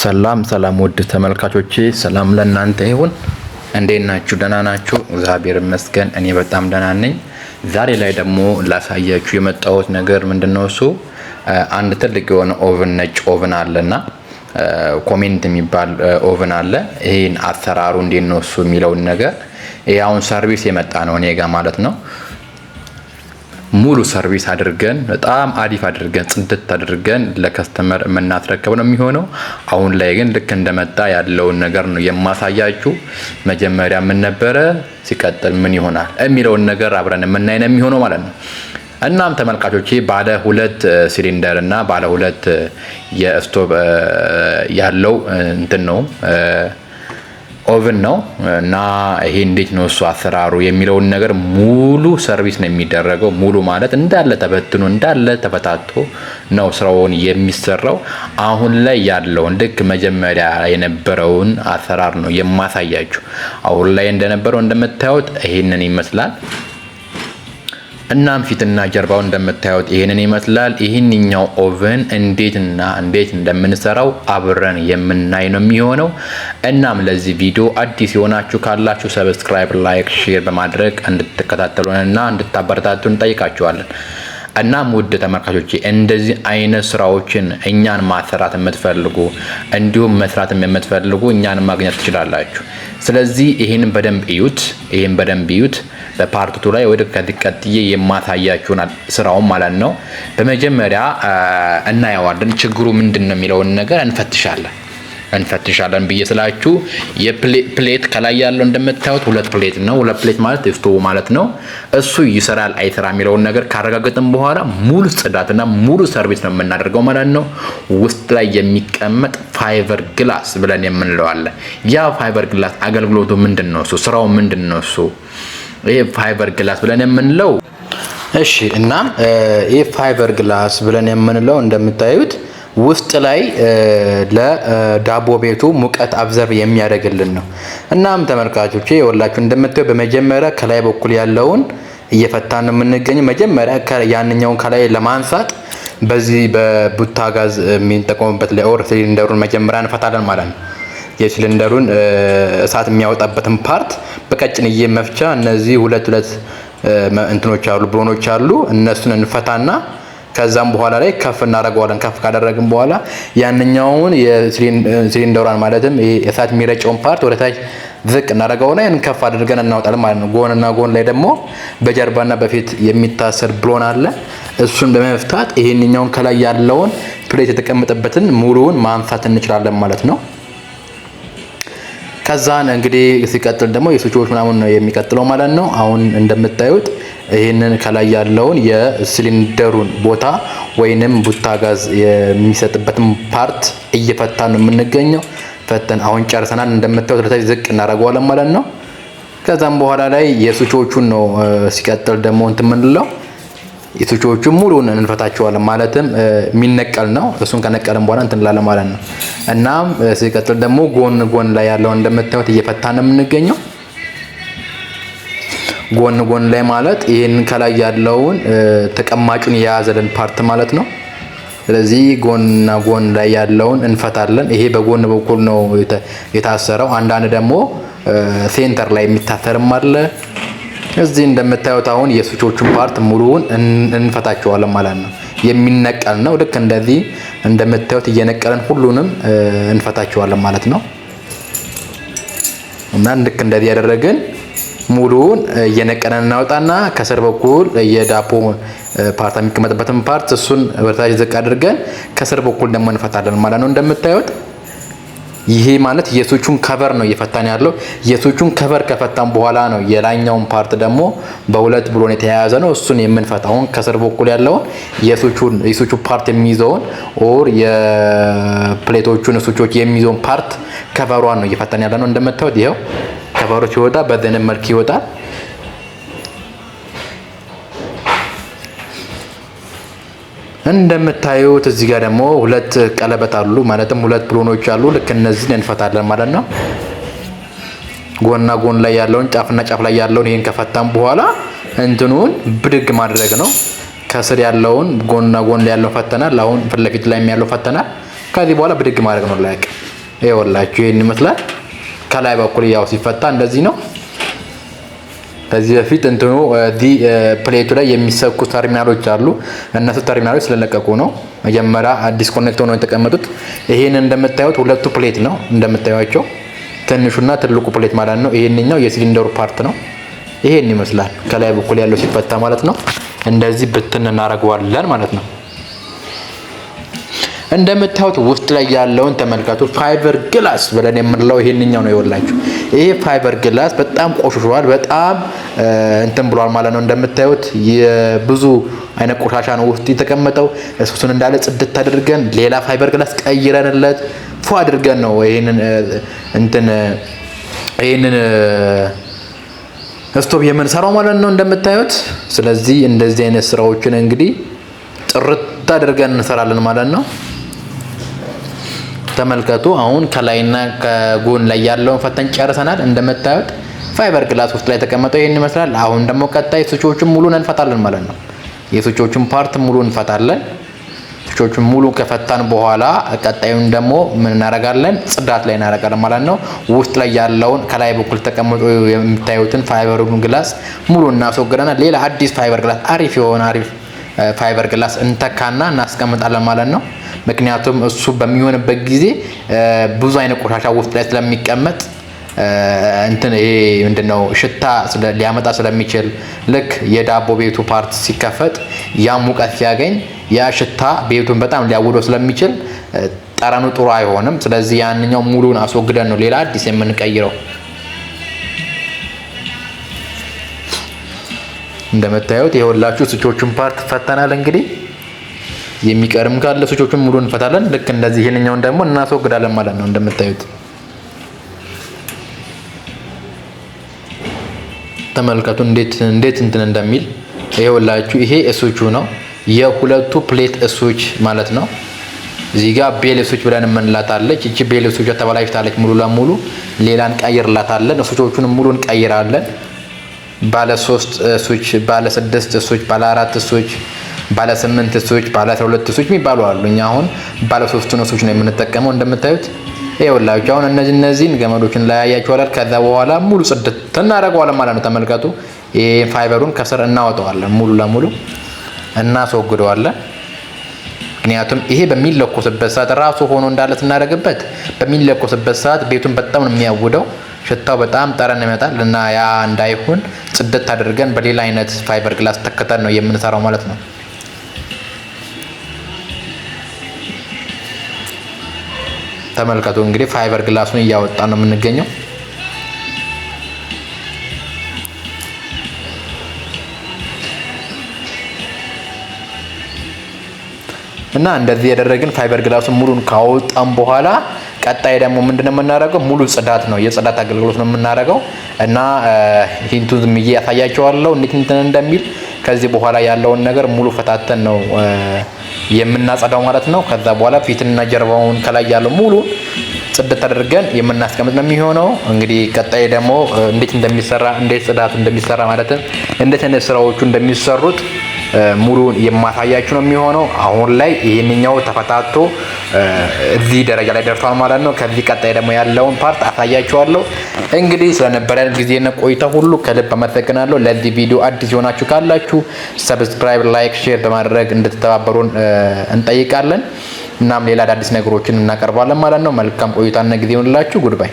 ሰላም ሰላም ውድ ተመልካቾቼ ሰላም ለእናንተ ይሁን። እንዴት ናችሁ? ደህና ናችሁ? እግዚአብሔር ይመስገን እኔ በጣም ደህና ነኝ። ዛሬ ላይ ደግሞ ላሳያችሁ የመጣሁት ነገር ምንድነው? እሱ አንድ ትልቅ የሆነ ኦቭን ነጭ ኦቭን አለና ኮሜንት የሚባል ኦቭን አለ። ይህን አሰራሩ እንዴት ነው እሱ የሚለውን ነገር ይህ አሁን ሰርቪስ የመጣ ነው እኔ ጋ ማለት ነው ሙሉ ሰርቪስ አድርገን በጣም አሪፍ አድርገን ጽድት አድርገን ለከስተመር የምናስረከብ ነው የሚሆነው። አሁን ላይ ግን ልክ እንደመጣ ያለውን ነገር ነው የማሳያችሁ። መጀመሪያ ምን ነበረ፣ ሲቀጥል ምን ይሆናል የሚለውን ነገር አብረን የምናይ ነው የሚሆነው ማለት ነው። እናም ተመልካቾቼ ባለ ሁለት ሲሊንደር እና ባለ ሁለት የስቶቭ ያለው እንትን ነው ኦቭን ነው እና ይሄ እንዴት ነው እሱ አሰራሩ የሚለውን ነገር ሙሉ ሰርቪስ ነው የሚደረገው። ሙሉ ማለት እንዳለ ተበትኖ እንዳለ ተበታቶ ነው ስራውን የሚሰራው። አሁን ላይ ያለውን ልክ መጀመሪያ የነበረውን አሰራር ነው የማሳያችሁ። አሁን ላይ እንደነበረው እንደምታዩት ይህንን ይመስላል። እናም ፊትና ጀርባው እንደምታዩት ይህንን ይመስላል። ይህንኛው ኦቨን እንዴትና እንዴት እንደምንሰራው አብረን የምናይ ነው የሚሆነው። እናም ለዚህ ቪዲዮ አዲስ የሆናችሁ ካላችሁ ሰብስክራይብ፣ ላይክ፣ ሼር በማድረግ እንድትከታተሉንና እንድታበረታቱን እንጠይቃችኋለን። እናም ውድ ተመልካቾቼ እንደዚህ አይነት ስራዎችን እኛን ማሰራት የምትፈልጉ እንዲሁም መስራትም የምትፈልጉ እኛን ማግኘት ትችላላችሁ። ስለዚህ ይህን በደንብ እዩት። ይህን በደንብ እዩት። በፓርቱ ላይ ወደ ቀጥዬ የማሳያችሁን ስራውን ማለት ነው። በመጀመሪያ እናየዋለን ችግሩ ምንድን ነው የሚለውን ነገር እንፈትሻለን እንፈትሻለን ብዬ ስላችሁ የፕሌት ከላይ ያለው እንደምታዩት ሁለት ፕሌት ነው። ሁለት ፕሌት ማለት ስቶቭ ማለት ነው። እሱ ይሰራል አይሰራ የሚለውን ነገር ካረጋገጥን በኋላ ሙሉ ጽዳትና ሙሉ ሰርቪስ ነው የምናደርገው ማለት ነው። ውስጥ ላይ የሚቀመጥ ፋይቨር ግላስ ብለን የምንለዋለን። ያ ፋይቨር ግላስ አገልግሎቱ ምንድን ነው? እሱ ስራው ምንድን ነው? እሱ ይሄ ፋይበር ግላስ ብለን የምንለው እሺ። እና ይሄ ፋይበር ግላስ ብለን የምንለው እንደምታዩት ውስጥ ላይ ለዳቦ ቤቱ ሙቀት አብዘርቭ የሚያደርግልን ነው። እናም ተመልካቾቼ የወላችሁ እንደምታዩ በመጀመሪያ ከላይ በኩል ያለውን እየፈታን ነው የምንገኘው። መጀመሪያ ያንኛውን ከላይ ለማንሳት በዚህ በቡታ ጋዝ የሚጠቀሙበት ለኦር ሲሊንደሩን መጀመሪያ እንፈታለን ማለት ነው። የሲሊንደሩን እሳት የሚያወጣበትን ፓርት በቀጭንዬ መፍቻ እነዚህ ሁለት ሁለት እንትኖች አሉ ብሎኖች አሉ። እነሱን እንፈታና ከዛም በኋላ ላይ ከፍ እናደርገዋለን። ከፍ ካደረግን በኋላ ያንኛውን የሲሊንደሯን ማለትም እሳት የሚረጨውን ፓርት ወደታች ዝቅ እናደርገውና ያን ከፍ አድርገን እናወጣለን ማለት ነው። ጎንና ጎን ላይ ደግሞ በጀርባና በፊት የሚታሰር ብሎን አለ። እሱን በመፍታት ይሄንኛውን ከላይ ያለውን ፕሌት የተቀመጠበትን ሙሉውን ማንሳት እንችላለን ማለት ነው። ከዛን እንግዲህ ሲቀጥል ደግሞ የስዊቾች ምናምን ነው የሚቀጥለው ማለት ነው። አሁን እንደምታዩት ይህንን ከላይ ያለውን የሲሊንደሩን ቦታ ወይንም ቡታ ጋዝ የሚሰጥበትን ፓርት እየፈታ ነው የምንገኘው። ፈተን አሁን ጨርሰናል። እንደምታዩት ወደታች ዝቅ እናደርገዋለን ማለት ነው። ከዛም በኋላ ላይ የስዊቾቹን ነው ሲቀጥል ደግሞ እንትን የምንለው የቶቹዎቹን ሙሉውን እንፈታቸዋለን ማለትም የሚነቀል ነው። እሱን ከነቀልን በኋላ እንትንላለ ማለት ነው። እናም ሲቀጥል ደግሞ ጎን ጎን ላይ ያለውን እንደምታዩት እየፈታን ነው የምንገኘው። ጎን ጎን ላይ ማለት ይህን ከላይ ያለውን ተቀማጩን የያዘልን ፓርት ማለት ነው። ስለዚህ ጎንና ጎን ላይ ያለውን እንፈታለን። ይሄ በጎን በኩል ነው የታሰረው። አንዳንድ ደግሞ ሴንተር ላይ የሚታሰርም አለ። እዚህ እንደምታዩት አሁን የስዊቾቹን ፓርት ሙሉውን እንፈታቸዋለን ማለት ነው። የሚነቀል ነው። ልክ እንደዚህ እንደምታዩት እየነቀለን ሁሉንም እንፈታቸዋለን ማለት ነው። እና ልክ እንደዚህ ያደረግን ሙሉውን እየነቀለን እናወጣና ከስር በኩል የዳፖ ፓርት የሚቀመጥበትን ፓርት እሱን ወደታች ዝቅ አድርገን ከስር በኩል ደግሞ እንፈታለን ማለት ነው እንደምታዩት ይሄ ማለት የሶቹን ከቨር ነው እየፈታን ያለው። የሶቹን ከቨር ከፈታን በኋላ ነው የላኛውን ፓርት ደግሞ በሁለት ብሎን የተያያዘ ነው እሱን የምንፈታውን ከስር በኩል ያለውን የሶቹ ፓርት የሚይዘውን ኦር የፕሌቶቹን ሶቾች የሚይዘውን ፓርት ከቨሯን ነው እየፈታን ያለ ነው። እንደምታዩት ይኸው ከቨሮች ይወጣ በደንም መልክ ይወጣል። እንደምታዩት እዚህ ጋር ደግሞ ሁለት ቀለበት አሉ፣ ማለትም ሁለት ብሎኖች አሉ። ልክ እነዚህን እንፈታለን ማለት ነው። ጎና ጎን ላይ ያለውን ጫፍና ጫፍ ላይ ያለውን ይህን ከፈታም በኋላ እንትኑን ብድግ ማድረግ ነው። ከስር ያለውን ጎና ጎን ላይ ያለውን ፈተናል። አሁን ፊት ለፊት ላይ ያለው ፈተናል። ከዚህ በኋላ ብድግ ማድረግ ነው። ላይክ ይኸውላችሁ፣ ይህን ይመስላል። ከላይ በኩል ያው ሲፈታ እንደዚህ ነው። ከዚህ በፊት እንትኑ ፕሌቱ ላይ የሚሰኩ ተርሚናሎች አሉ። እነሱ ተርሚናሎች ስለለቀቁ ነው መጀመሪያ ዲስኮኔክት ሆነው የተቀመጡት። ይህን እንደምታዩት ሁለቱ ፕሌት ነው እንደምታዩቸው፣ ትንሹና ትልቁ ፕሌት ማለት ነው። ይህንኛው የሲሊንደሩ ፓርት ነው። ይሄን ይመስላል ከላይ በኩል ያለው ሲፈታ ማለት ነው። እንደዚህ ብትን እናደርገዋለን ማለት ነው። እንደምታዩት ውስጥ ላይ ያለውን ተመልከቱ። ፋይበር ግላስ ብለን የምንለው ይሄንኛው ነው የወላችሁ። ይሄ ፋይበር ግላስ በጣም ቆሽሿል፣ በጣም እንትን ብሏል ማለት ነው። እንደምታዩት የብዙ አይነት ቆሻሻ ነው ውስጥ የተቀመጠው። እሱን እንዳለ ጽድት አድርገን ሌላ ፋይበር ግላስ ቀይረንለት ፎ አድርገን ነው ይሄንን እንትን ይሄንን ስቶቭ የምንሰራው ማለት ነው እንደምታዩት። ስለዚህ እንደዚህ አይነት ስራዎችን እንግዲህ ጥርት አድርገን እንሰራለን ማለት ነው። ተመልከቱ። አሁን ከላይና ከጎን ላይ ያለውን ፈተን ጨርሰናል። እንደምታዩት ፋይበር ግላስ ውስጥ ላይ ተቀመጠው ይህን ይመስላል። አሁን ደግሞ ቀጣይ ስቾቹን ሙሉ እንፈታለን ማለት ነው። የስቾቹን ፓርት ሙሉ እንፈታለን። ስቾቹን ሙሉ ከፈታን በኋላ ቀጣዩን ደግሞ ምን እናደርጋለን? ጽዳት ላይ እናደርጋለን ማለት ነው። ውስጥ ላይ ያለውን ከላይ በኩል ተቀምጦ የምታዩትን ፋይበሩን ግላስ ሙሉ እናስወግደናል። ሌላ አዲስ ፋይበር ግላስ አሪፍ የሆነ አሪፍ ፋይበር ግላስ እንተካና እናስቀምጣለን ማለት ነው። ምክንያቱም እሱ በሚሆንበት ጊዜ ብዙ አይነት ቆሻሻ ውስጥ ላይ ስለሚቀመጥ እንትን ይሄ ምንድነው ሽታ ሊያመጣ ስለሚችል ልክ የዳቦ ቤቱ ፓርት ሲከፈት ያ ሙቀት ሲያገኝ ያ ሽታ ቤቱን በጣም ሊያውዶ ስለሚችል ጠረኑ ጥሩ አይሆንም። ስለዚህ ያንኛው ሙሉን አስወግደን ነው ሌላ አዲስ የምንቀይረው። እንደምታዩት የሁላችሁ ስቾቹን ፓርት ፈተናል እንግዲህ የሚቀርም ካለ ሱቾቹን ሙሉ እንፈታለን። ልክ እንደዚህ ይሄንኛውን ደግሞ እናስወግዳለን ማለት ነው እንደምታዩት ተመልከቱ እንዴት እንዴት እንትን እንደሚል ይሄውላችሁ። ይሄ እሶቹ ነው የሁለቱ ፕሌት እሶች ማለት ነው። እዚህ ጋር ቤል እሱች ብለን የምንላታለች። እቺ ቤል ተበላሽታለች ሙሉ ለሙሉ ሌላን ቀይርላታለን እሱቾቹን ሙሉ እንቀይራለን። ባለ ሶስት እሶች ባለ ስድስት እሶች ባለ አራት እሶች። ባለ ስምንት እሶች፣ ባለ አስራ ሁለት እሶች የሚባሉ አሉ። እኛ አሁን ባለ ሶስቱን እሶች ነው የምንጠቀመው። እንደምታዩት ይኸውላችሁ አሁን እነዚህ እነዚህን ገመዶችን ለያያችኋለን። ከዛ በኋላ ሙሉ ጽድት እናደርገዋለን ማለት ነው። ተመልከቱ። ፋይበሩን ከስር እናወጣዋለን ሙሉ ለሙሉ እናስወግደዋለን። ምክንያቱም ይሄ በሚለኮስበት ሰዓት ራሱ ሆኖ እንዳለ ስናደርግበት በሚለኮስበት ሰዓት ቤቱን በጣም ነው የሚያውደው። ሽታው በጣም ጠረን ይመጣል እና ያ እንዳይሆን ጽድት አድርገን በሌላ አይነት ፋይበር ግላስ ተክተን ነው የምንሰራው ማለት ነው። ተመልከቱ እንግዲህ ፋይበር ግላሱን እያወጣ ነው የምንገኘው። እና እንደዚህ ያደረግን ፋይበር ግላሱን ሙሉን ካወጣን በኋላ ቀጣይ ደግሞ ምንድነው የምናደርገው? ሙሉ ጽዳት ነው፣ የጽዳት አገልግሎት ነው የምናደርገው እና ሂንቱን ዝም ብዬ ያሳያቸዋለሁ እንዴት እንደሚል ከዚህ በኋላ ያለውን ነገር ሙሉ ፈታተን ነው የምናጸዳው ማለት ነው። ከዛ በኋላ ፊትና ጀርባውን ከላይ ያለው ሙሉ ጽድት አድርገን የምናስቀምጥ ነው የሚሆነው። እንግዲህ ቀጣይ ደግሞ እንዴት እንደሚሰራ እንዴት ጽዳት እንደሚሰራ ማለትም እንዴት አይነት ስራዎቹ እንደሚሰሩት ሙሉ የማሳያችሁ ነው የሚሆነው። አሁን ላይ ይህንኛው ተፈታቶ እዚህ ደረጃ ላይ ደርሷል ማለት ነው። ከዚህ ቀጣይ ደግሞ ያለውን ፓርት አሳያችኋለሁ። እንግዲህ ስለነበረን ጊዜና ቆይታ ሁሉ ከልብ አመሰግናለሁ። ለዚህ ቪዲዮ አዲስ የሆናችሁ ካላችሁ ሰብስክራይብ፣ ላይክ፣ ሼር በማድረግ እንድትተባበሩን እንጠይቃለን። እናም ሌላ አዳዲስ ነገሮችን እናቀርባለን ማለት ነው። መልካም ቆይታና ጊዜ ሆንላችሁ ጉድባይ